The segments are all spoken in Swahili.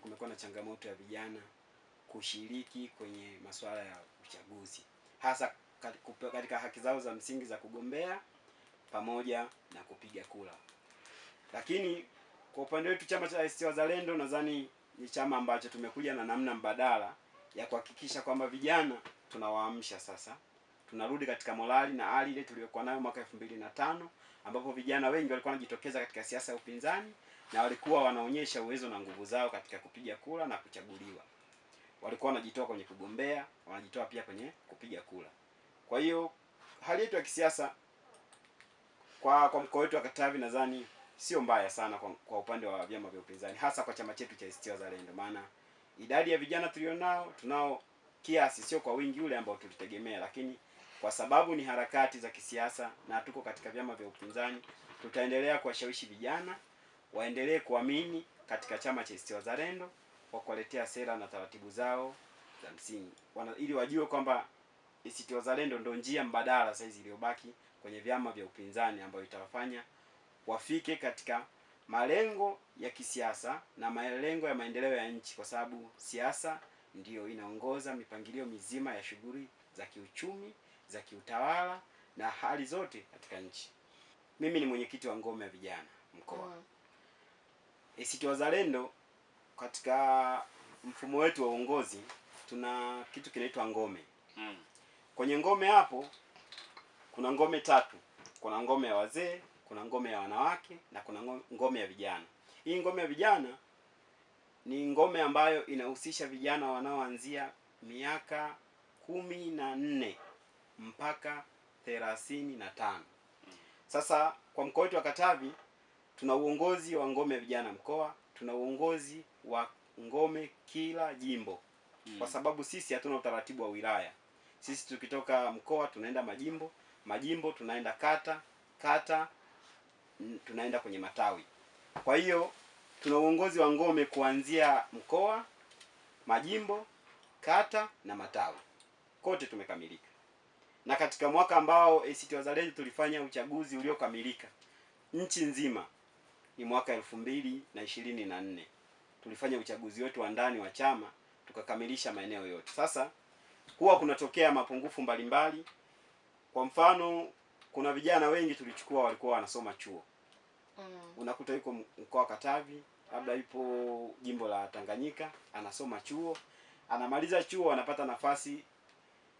Kumekuwa na changamoto ya vijana kushiriki kwenye masuala ya uchaguzi, hasa katika haki zao za msingi za kugombea pamoja na kupiga kura. Lakini kwa upande wetu chama cha ACT Wazalendo nadhani ni chama ambacho tumekuja na namna mbadala ya kuhakikisha kwamba vijana tunawaamsha sasa, tunarudi katika morali na hali ile tuliyokuwa nayo mwaka elfu mbili na tano ambapo vijana wengi walikuwa wanajitokeza katika siasa ya upinzani na walikuwa wanaonyesha uwezo na nguvu zao katika kupiga kura na kuchaguliwa. Walikuwa wanajitoa kwenye kugombea, wanajitoa pia kwenye kupiga kura. Kwa hiyo hali yetu ya kisiasa kwa kwa mkoa wetu wa Katavi nadhani sio mbaya sana kwa, kwa upande wa vyama vya upinzani, hasa kwa chama chetu cha ACT Wazalendo, maana idadi ya vijana tulionao tunao kiasi, sio kwa wingi ule ambao tulitegemea, lakini kwa sababu ni harakati za kisiasa na tuko katika vyama vya upinzani, tutaendelea kuwashawishi vijana waendelee kuamini katika chama cha ACT Wazalendo kwa kuwaletea sera na taratibu zao za msingi wana, ili wajue kwamba ACT Wazalendo ndio njia mbadala saizi iliyobaki kwenye vyama vya upinzani ambayo itawafanya wafike katika malengo ya kisiasa na malengo ya maendeleo ya nchi, kwa sababu siasa ndiyo inaongoza mipangilio mizima ya shughuli za kiuchumi, za kiutawala na hali zote katika nchi. Mimi ni mwenyekiti wa ngome ya vijana mkoa. Mm. ACT Wazalendo katika mfumo wetu wa uongozi tuna kitu kinaitwa ngome mm. Kwenye ngome hapo kuna ngome tatu. Kuna ngome ya wazee, kuna ngome ya wanawake na kuna ngome ya vijana. Hii ngome ya vijana ni ngome ambayo inahusisha vijana wanaoanzia miaka kumi na nne mpaka thelathini na tano. Mm. Sasa kwa mkoa wetu wa Katavi Tuna uongozi wa ngome ya vijana mkoa, tuna uongozi wa ngome kila jimbo hmm. Kwa sababu sisi hatuna utaratibu wa wilaya. Sisi tukitoka mkoa tunaenda majimbo, majimbo tunaenda kata, kata tunaenda kwenye matawi. Kwa hiyo tuna uongozi wa ngome kuanzia mkoa, majimbo, kata na matawi, kote tumekamilika. Na katika mwaka ambao ACT Wazalendo tulifanya uchaguzi uliokamilika nchi nzima ni mwaka elfu mbili na ishirini na nne tulifanya uchaguzi wetu wa ndani wa chama tukakamilisha maeneo yote. Sasa huwa kunatokea mapungufu mbalimbali. mbali. Kwa mfano, kuna vijana wengi tulichukua walikuwa wanasoma chuo mm. unakuta yuko mkoa wa Katavi, labda yupo jimbo la Tanganyika, anasoma chuo, anamaliza chuo, anapata nafasi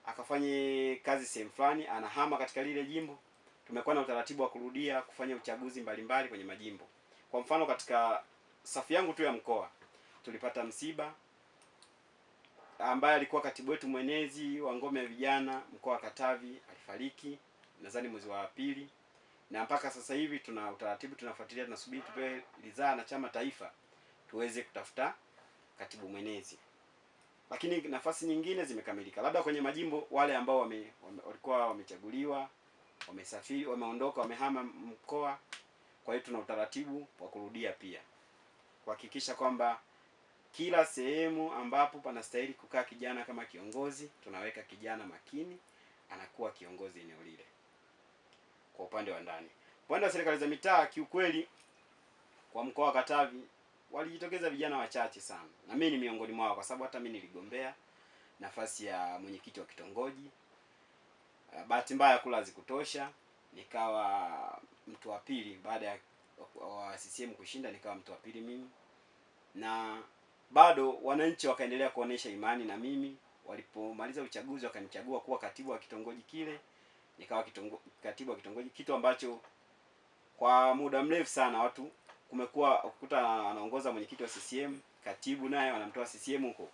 akafanye kazi sehemu fulani, anahama katika lile jimbo. Tumekuwa na utaratibu wa kurudia kufanya uchaguzi mbalimbali mbali kwenye majimbo. Kwa mfano katika safu yangu tu ya mkoa tulipata msiba ambaye alikuwa katibu wetu mwenezi wa ngome ya vijana mkoa wa Katavi alifariki nadhani mwezi wa pili, na mpaka sasa hivi tuna utaratibu tunafuatilia, tunasubiri tupewe ridhaa na chama taifa tuweze kutafuta katibu mwenezi. Lakini nafasi nyingine zimekamilika, labda kwenye majimbo wale ambao wame, wame, walikuwa wamechaguliwa, wamesafiri, wameondoka, wamehama mkoa kwa hiyo tuna utaratibu wa kurudia pia kuhakikisha kwamba kila sehemu ambapo panastahili kukaa kijana kama kiongozi, tunaweka kijana makini anakuwa kiongozi eneo lile. Kwa upande wa ndani, upande wa serikali za mitaa, kiukweli kwa mkoa wa Katavi walijitokeza vijana wachache sana, na mimi ni miongoni mwao, kwa sababu hata mimi niligombea nafasi ya mwenyekiti wa kitongoji. Bahati mbaya kula hazikutosha, nikawa mtu wa pili baada ya wa CCM kushinda, nikawa mtu wa pili mimi, na bado wananchi wakaendelea kuonesha imani na mimi. Walipomaliza uchaguzi, wakanichagua kuwa katibu wa kitongoji kile, nikawa kitongo, katibu wa kitongoji, kitu ambacho kwa muda mrefu sana watu kumekuwa ukuta anaongoza mwenyekiti wa CCM, katibu naye wanamtoa CCM huko huko,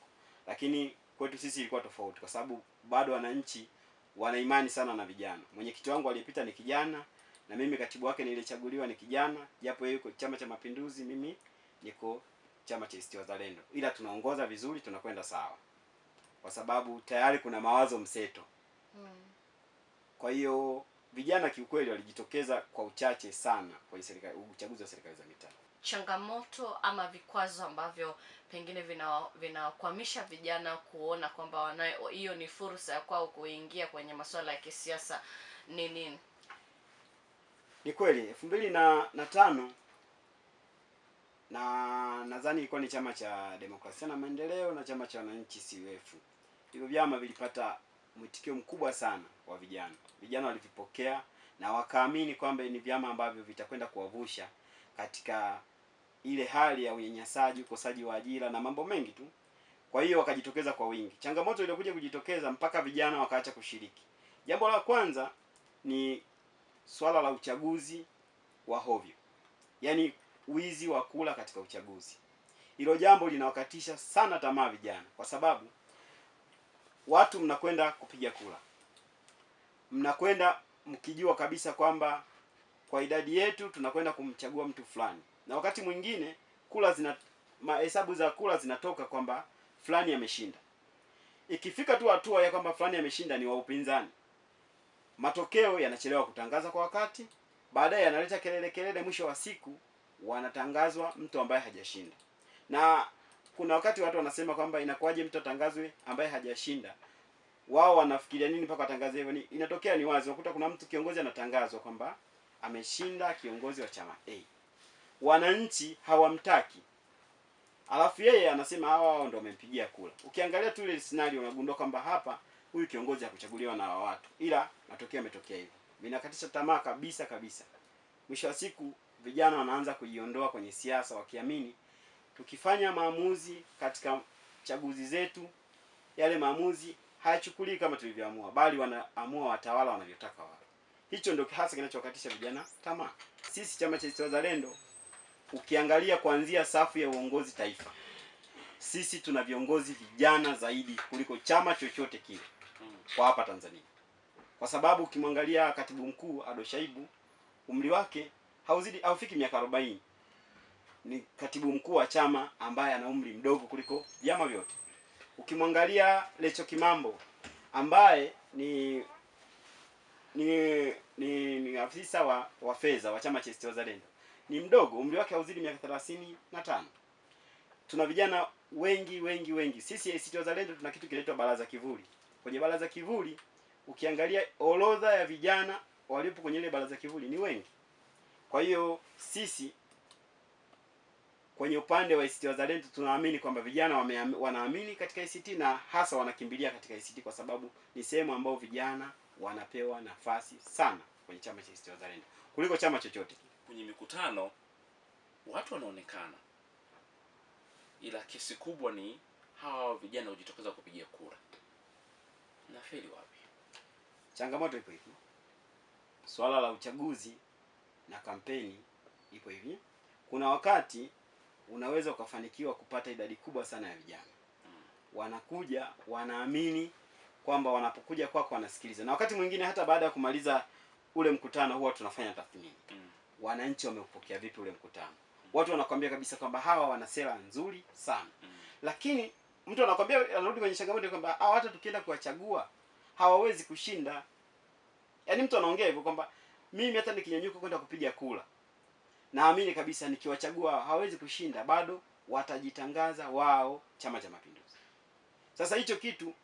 lakini kwetu sisi ilikuwa tofauti, kwa sababu bado wananchi wana imani sana na vijana. Mwenyekiti wangu aliyepita ni kijana na mimi katibu wake nilichaguliwa ni kijana, japo yeye yuko Chama cha Mapinduzi, mimi niko Chama cha ACT Wazalendo, ila tunaongoza vizuri, tunakwenda sawa, kwa sababu tayari kuna mawazo mseto hmm. Kwa hiyo vijana kiukweli walijitokeza kwa uchache sana kwenye serikali, uchaguzi wa serikali za mitaa. Changamoto ama vikwazo ambavyo pengine vinawakwamisha vina vijana kuona kwamba hiyo ni fursa ya kwao kuingia kwenye masuala ya kisiasa ni nini? ni kweli elfu mbili na, na tano na nadhani ilikuwa ni chama cha demokrasia na maendeleo na chama cha wananchi CUF. Hivyo vyama vilipata mwitikio mkubwa sana wa vijana. Vijana walivipokea na wakaamini kwamba ni vyama ambavyo vitakwenda kuwavusha katika ile hali ya unyanyasaji, ukosaji wa ajira na mambo mengi tu. Kwa hiyo wakajitokeza kwa wingi. Changamoto iliokuja kujitokeza mpaka vijana wakaacha kushiriki. Jambo la kwanza ni swala la uchaguzi wa hovyo, yaani wizi wa kula katika uchaguzi. Hilo jambo linawakatisha sana tamaa vijana, kwa sababu watu mnakwenda kupiga kula mnakwenda mkijua kabisa kwamba kwa idadi yetu tunakwenda kumchagua mtu fulani, na wakati mwingine kula zina mahesabu za kula zinatoka kwamba fulani ameshinda. Ikifika tu hatua ya kwamba fulani ameshinda ni wa upinzani, matokeo yanachelewa kutangaza kwa wakati, baadaye yanaleta kelele kelele, mwisho wa siku wanatangazwa mtu ambaye hajashinda. Na kuna wakati watu wanasema kwamba inakuwaje mtu atangazwe ambaye hajashinda? Wao wanafikiria nini mpaka atangaze hivyo? Ni inatokea ni wazi, wakuta kuna mtu kiongozi anatangazwa kwamba ameshinda kiongozi wa chama A Wananchi hawamtaki, alafu yeye anasema hawa wao ndio wamempigia kula. Ukiangalia tu ile scenario unagundua kwamba hapa huyu kiongozi hakuchaguliwa na watu, ila matokeo yametokea hivyo. Mimi tamaa kabisa kabisa. Mwisho wa siku vijana wanaanza kujiondoa kwenye siasa wakiamini tukifanya maamuzi katika chaguzi zetu, yale maamuzi hayachukulii kama tulivyoamua, bali wanaamua watawala wanavyotaka wao. Hicho ndio hasa kinachowakatisha vijana tamaa. Sisi chama cha ACT Wazalendo, ukiangalia kuanzia safu ya uongozi taifa, sisi tuna viongozi vijana zaidi kuliko chama chochote kile kwa hapa Tanzania, kwa sababu ukimwangalia katibu mkuu Ado Shaibu umri wake hauzidi haufiki miaka arobaini. Ni katibu mkuu wa chama ambaye ana umri mdogo kuliko vyama vyote. Ukimwangalia Lecho Kimambo ambaye ni ni ni, ni afisa wa, wa fedha wa chama cha ACT Wazalendo ni mdogo, umri wake hauzidi miaka thelathini na tano. Tuna vijana wengi wengi wengi. Sisi ACT Wazalendo tuna kitu kinaitwa baraza kivuli kwenye baraza kivuli, ukiangalia orodha ya vijana waliopo kwenye ile baraza kivuli ni wengi. Kwa hiyo sisi kwenye upande wa ACT Wazalendo tunaamini kwamba vijana wame, wanaamini katika ACT na hasa wanakimbilia katika ACT kwa sababu ni sehemu ambayo vijana wanapewa nafasi sana kwenye chama cha ACT Wazalendo kuliko chama chochote. Kwenye mikutano watu wanaonekana, ila kesi kubwa ni hawa vijana hujitokeza kupigia kura nafeli wapi? Changamoto ipo hivi, swala la uchaguzi na kampeni ipo hivi. Kuna wakati unaweza ukafanikiwa kupata idadi kubwa sana ya vijana hmm. Wanakuja wanaamini kwamba wanapokuja kwako wanasikiliza, na wakati mwingine hata baada ya kumaliza ule mkutano huwa tunafanya tathmini hmm. Wananchi wameupokea vipi ule mkutano? Watu wanakuambia kabisa kwamba hawa wana sera nzuri sana mm. Lakini mtu anakwambia anarudi kwenye changamoto kwamba hata tukienda kuwachagua hawawezi kushinda. Yaani mtu anaongea hivyo kwamba mimi hata nikinyanyuka kwenda kupiga kula, naamini kabisa nikiwachagua hawawezi kushinda, bado watajitangaza wao Chama cha Mapinduzi. Sasa hicho kitu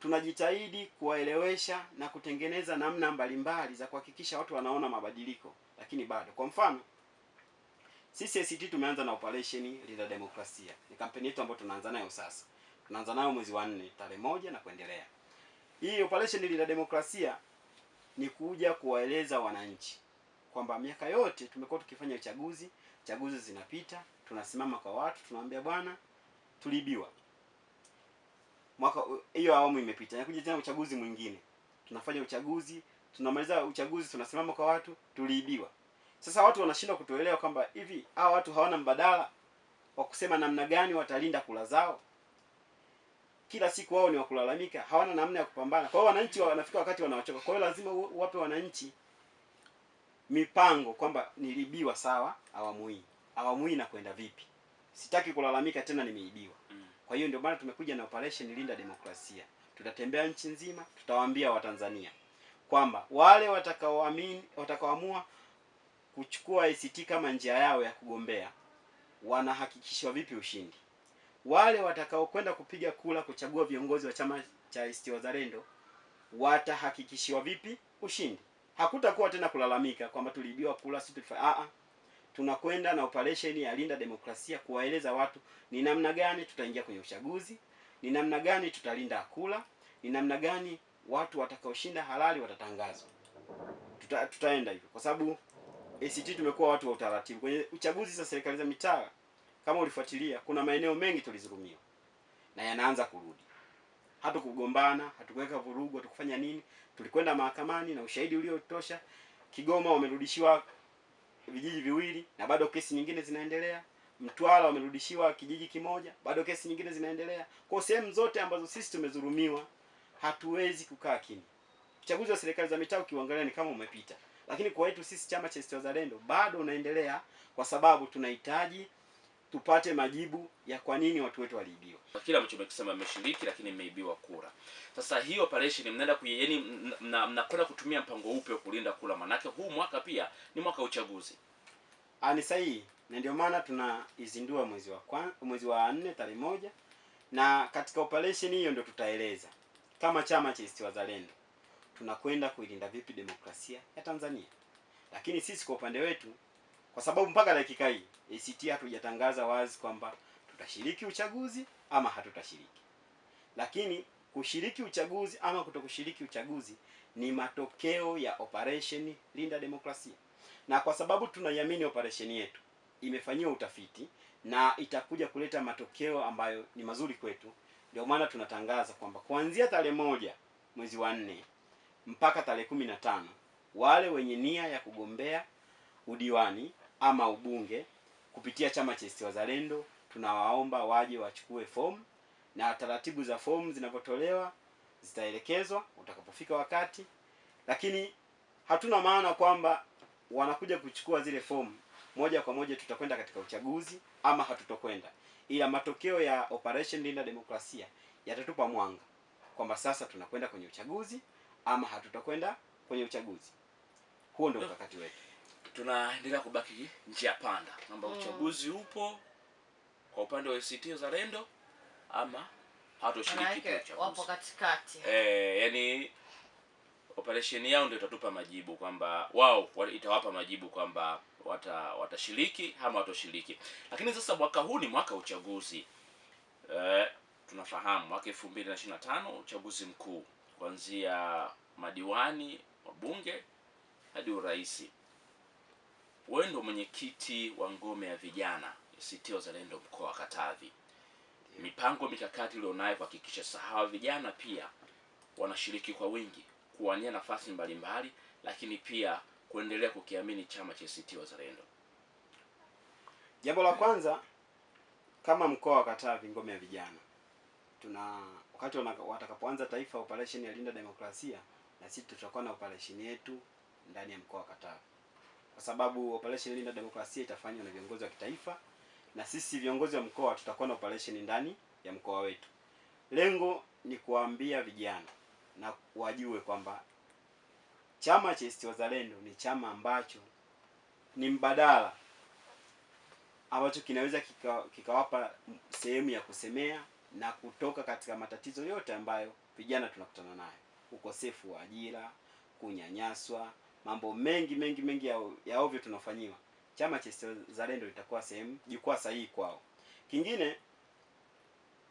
tunajitahidi kuwaelewesha na kutengeneza namna mbalimbali za kuhakikisha watu wanaona mabadiliko, lakini bado kwa mfano sisi ACT tumeanza na operation Linda Demokrasia. Ni kampeni yetu ambayo tunaanza nayo sasa. Tunaanza nayo mwezi wa 4 tarehe moja na kuendelea. Hii operation Linda Demokrasia ni kuja kuwaeleza wananchi kwamba miaka yote tumekuwa tukifanya uchaguzi, chaguzi zinapita, tunasimama kwa watu, tunawaambia bwana, tulibiwa. Mwaka hiyo awamu imepita, inakuja tena uchaguzi mwingine. Tunafanya uchaguzi, tunamaliza uchaguzi, tunasimama kwa watu, tuliibiwa. Sasa watu wanashindwa kutuelewa kwamba hivi hawa watu hawana mbadala wa kusema namna gani watalinda kula zao. Kila siku wao ni wakulalamika, hawana namna ya kupambana. Kwa hiyo wananchi wanafika wakati wanawachoka. Kwa hiyo lazima wape wananchi mipango kwamba nilibiwa, sawa, awamu hii, awamu hii na kwenda vipi? Sitaki kulalamika tena, nimeibiwa. Mm. Kwa hiyo ndio maana tumekuja na operation Linda Demokrasia. Tutatembea nchi nzima, tutawaambia Watanzania kwamba wale watakaoamini, watakaoamua kuchukua ACT kama njia yao ya kugombea, wanahakikishwa vipi ushindi? Wale watakaokwenda kupiga kura kuchagua viongozi wa chama cha ACT Wazalendo watahakikishiwa vipi ushindi? Hakutakuwa tena kulalamika kwamba tuliibiwa kura, si tulifaa. Tunakwenda na operation ya linda demokrasia, kuwaeleza watu ni namna gani tutaingia kwenye uchaguzi, ni namna gani tutalinda kura, ni namna gani watu watakaoshinda halali watatangazwa. Tuta, tutaenda hivyo kwa sababu ACT tumekuwa watu wa utaratibu. Kwenye uchaguzi za serikali za mitaa, kama ulifuatilia, kuna maeneo mengi tulizulumiwa na yanaanza kurudi. Hatukugombana, hatukuweka vurugu, hatukufanya nini, tulikwenda mahakamani na ushahidi uliotosha. Kigoma wamerudishiwa vijiji viwili na bado kesi nyingine zinaendelea. Mtwara wamerudishiwa kijiji kimoja, bado kesi nyingine zinaendelea. Kwa sehemu zote ambazo sisi tumezulumiwa, hatuwezi kukaa kimya. Uchaguzi wa serikali za mitaa ukiuangalia ni kama umepita lakini kwa wetu sisi chama cha ACT Wazalendo bado unaendelea, kwa sababu tunahitaji tupate majibu ya kwa nini watu wetu waliibiwa. Kila mtu amekisema ameshiriki, lakini mmeibiwa kura. Sasa hii operation mnaenda kuyaani, mnakwenda kutumia mpango upi wa kulinda kura? Manake huu mwaka pia ni mwaka uchaguzi. Ah, ni sahihi, na ndio maana tunaizindua mwezi wa kwa, mwezi wa nne tarehe moja, na katika operation hiyo ndio tutaeleza kama chama cha ACT Wazalendo tunakwenda kuilinda vipi demokrasia ya Tanzania. Lakini sisi kwa upande wetu, kwa sababu mpaka dakika hii ACT hatujatangaza wazi kwamba tutashiriki uchaguzi ama hatutashiriki, lakini kushiriki uchaguzi ama kutokushiriki uchaguzi ni matokeo ya operation Linda Demokrasia, na kwa sababu tunaiamini operation yetu imefanyiwa utafiti na itakuja kuleta matokeo ambayo ni mazuri kwetu, ndio maana tunatangaza kwamba kuanzia tarehe moja mwezi wa nne mpaka tarehe kumi na tano wale wenye nia ya kugombea udiwani ama ubunge kupitia chama cha ACT Wazalendo tunawaomba waje wachukue fomu, na taratibu za fomu zinavyotolewa zitaelekezwa utakapofika wakati. Lakini hatuna maana kwamba wanakuja kuchukua zile fomu moja kwa moja tutakwenda katika uchaguzi ama hatutokwenda, ila matokeo ya Operation Linda Demokrasia yatatupa mwanga kwamba sasa tunakwenda kwenye uchaguzi ama hatutakwenda kwenye uchaguzi. Huo ndio mkakati wetu. Tunaendelea kubaki njia panda kwamba mm. uchaguzi upo kwa upande wa ACT Wazalendo ama hatoshiriki uchaguzi. Wapo katikati. Eh, yani operation yao ndio itatupa majibu kwamba wao itawapa majibu kwamba wata watashiriki ama watoshiriki. Lakini sasa mwaka huu ni mwaka uchaguzi. Eh, tunafahamu mwaka 2025 uchaguzi mkuu kuanzia madiwani, wabunge hadi urais. Wewe ndio mwenyekiti wa ngome ya vijana ACT Wazalendo mkoa wa Katavi, mipango mikakati ulionayo kuhakikisha sahawa vijana pia wanashiriki kwa wingi kuwania nafasi mbalimbali, lakini pia kuendelea kukiamini chama cha ACT Wazalendo? Jambo la kwanza, kama mkoa wa Katavi, ngome ya vijana, tuna wakati watakapoanza taifa operation ya linda demokrasia, na sisi tutakuwa na operation yetu ndani ya mkoa wa Katavi, kwa sababu operation linda demokrasia itafanywa na viongozi wa kitaifa na sisi viongozi wa mkoa tutakuwa na operation ndani ya mkoa wetu. Lengo ni kuwaambia vijana na wajue kwamba chama cha ACT Wazalendo ni chama ambacho ni mbadala ambacho kinaweza kikawapa kika sehemu ya kusemea na kutoka katika matatizo yote ambayo vijana tunakutana nayo, ukosefu wa ajira, kunyanyaswa, mambo mengi mengi mengi ya, ya ovyo tunafanyiwa. Chama cha ACT Wazalendo litakuwa sehemu jukwaa sahihi kwao. Kingine,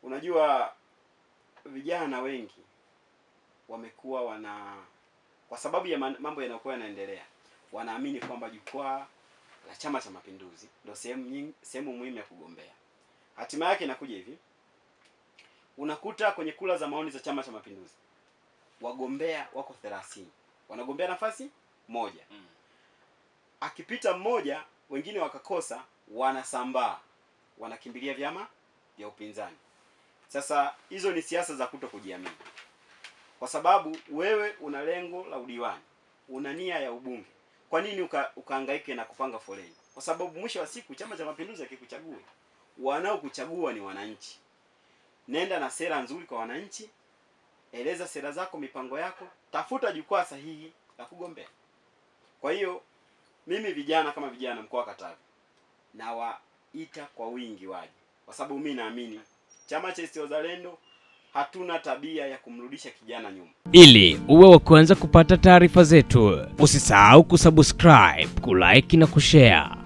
unajua vijana wengi wamekuwa wana kwa sababu ya mambo yanayokuwa yanaendelea, wanaamini kwamba jukwaa la Chama cha Mapinduzi ndio sehemu sehemu muhimu ya kugombea. Hatima yake inakuja hivi unakuta kwenye kula za maoni za Chama cha Mapinduzi wagombea wako 30 wanagombea nafasi moja mm. akipita mmoja wengine wakakosa, wanasambaa wanakimbilia vyama vya upinzani. Sasa hizo ni siasa za kuto kujiamini, kwa sababu wewe una lengo la udiwani, una nia ya ubunge. Kwa nini uka, na kupanga foleni? Kwa sababu mwisho wa siku Chama cha Mapinduzi akikuchagua, wanaokuchagua ni wananchi nenda na sera nzuri kwa wananchi, eleza sera zako, mipango yako, tafuta jukwaa sahihi la kugombea. Kwa hiyo mimi vijana kama vijana mkoa wa Katavi nawaita kwa wingi waje, kwa sababu mimi naamini chama cha ACT Wazalendo hatuna tabia ya kumrudisha kijana nyuma. Ili uwe wa kwanza kupata taarifa zetu, usisahau kusubscribe, kulike na kushare.